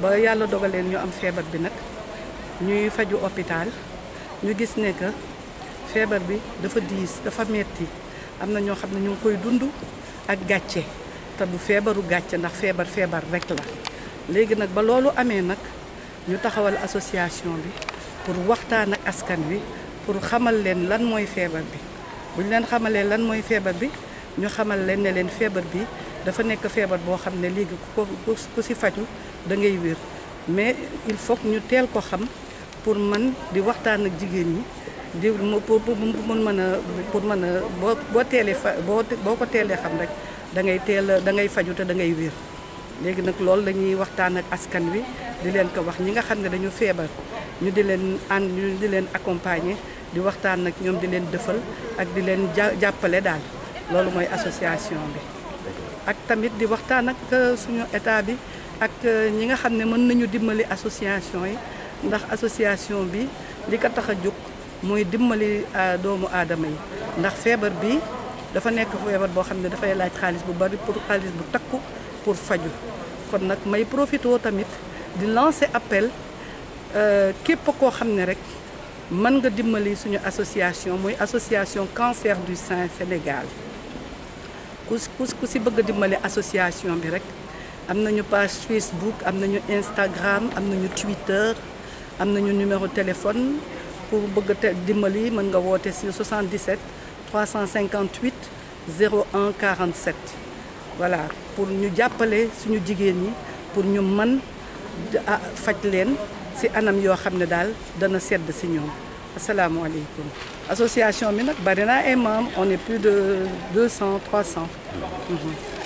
ba yàlla dogaleen ñu am feebar bi nag ñuy faju hôpital ñu gis ne que feebar bi dafa diis dafa metti am na ñoo xam ne ñu ngi koy dund ak gàcce te du feebaru gàcce ndax feebar feebar rek la léegi nag ba loolu amee nag ñu taxawal association bi pour waxtaan ak askan wi pour xamal leen lan mooy feebar bi bu ñu leen xamalee lan mooy feebar bi ñu xamal leen ne leen feebar bi dafa nekk feebar boo xam ne léegi ku ko ku si faju da ngay wér mais il faut que ñu teel ko xam pour man di waxtaan ak jigéen ñi di pour pour mën a pour mën a boo boo teelee fa boo boo ko teelee xam rek da ngay teel da ngay faju te da ngay wér léegi nag loolu la ñuy waxtaan ak askan wi di leen ko wax ñi nga xam ne dañu feebar ñu di leen ànd ñu di leen accompagner di waxtaan ak ñoom di leen defal ak di leen jàppale daal loolu mooy association bi ak tamit di waxtaan ak euh, suñu état bi ak euh, ñi nga xam ne mën nañu dimbali association yi ndax association bi li ko tax a jóg mooy dimbali euh, doomu aadama yi ndax feebar bi dafa nekk feebar boo xam ne dafay laaj xaalis bu bari pour xaalis bu takku pour faju kon nag may profitoo tamit di lancer appel euh, képp koo xam ne rek nga dimbali suñu association mooy association cancer du sein Sénégal kus kus ku si bëgg dimbali association bi rek avons une page Facebook am Instagram am Twitter am numéro téléphone pour bëgg dimbali mën nga 77 358 01 47 voilà pour ñu appeler suñu jigéen ñi pour ñu mën a ah, faj leen si anam yoo xam ne daal dana sedd si Assalamu asalaamaaleykum association bi nag bari naa on est plus de 200 300.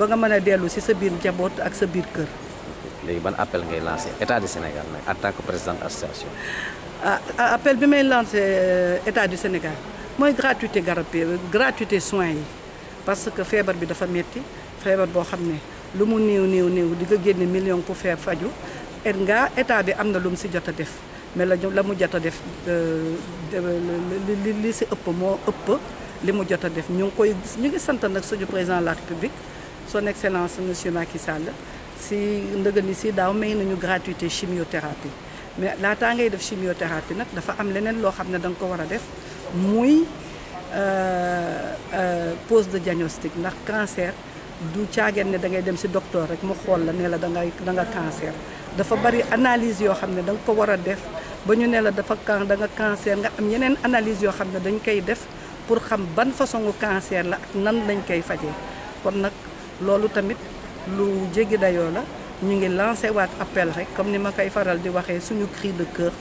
ba nga mën a dellu si sa biir njaboot ak sa biir kër. léegi ban appel ngay lancé état du Sénégal nag en tant que président association. Ah, ah appel bi may lancé euh, état du Sénégal mooy gratuité garab bi gratuité soins yi parce que feebar bi dafa metti feebar boo xam ne lu mu néew néew néew di nga génne million pour faire faju et nga état bi am na lu mu si jot a def mais la la mu jot a def euh, li li si ëpp moo ëpp li mu jot a def ñu ngi koy ñu ngi sant nag suñu président de la République son excellence monsieur Macky Sall si ndëgëni si daaw may nañu gratuité chimiothérapie mais laataa tangay def chimiothérapie nak dafa am leneen lo xamne ne da nga ko wara def muy euh, euh, pose de diagnostic ndax cancer du caageen ne da ngay dem ci docteur rek mu xol la ne la da ngay da nga cancer dafa bari analyse yo xamne ne da nga ko wara def ba ñu ne la dafa kan da nga cancer nga am yeneen analyse yo xamne ne dañ koy def pour xam ban façon cancer la nan lañ koy fajee kon nak loolu tamit lu jéggi dayoo la ñu ngi lancé waat appel rek comme ni ma koy faral di waxee suñu cri de cœur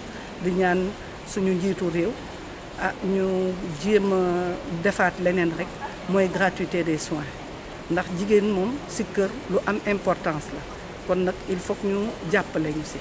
di ñaan suñu njiitu réew ah ñu jéem a defaat leneen rek mooy gratuité des soins ndax jigéen moom si kër lu am importance la kon nag il faut ñu jàppale ñu si.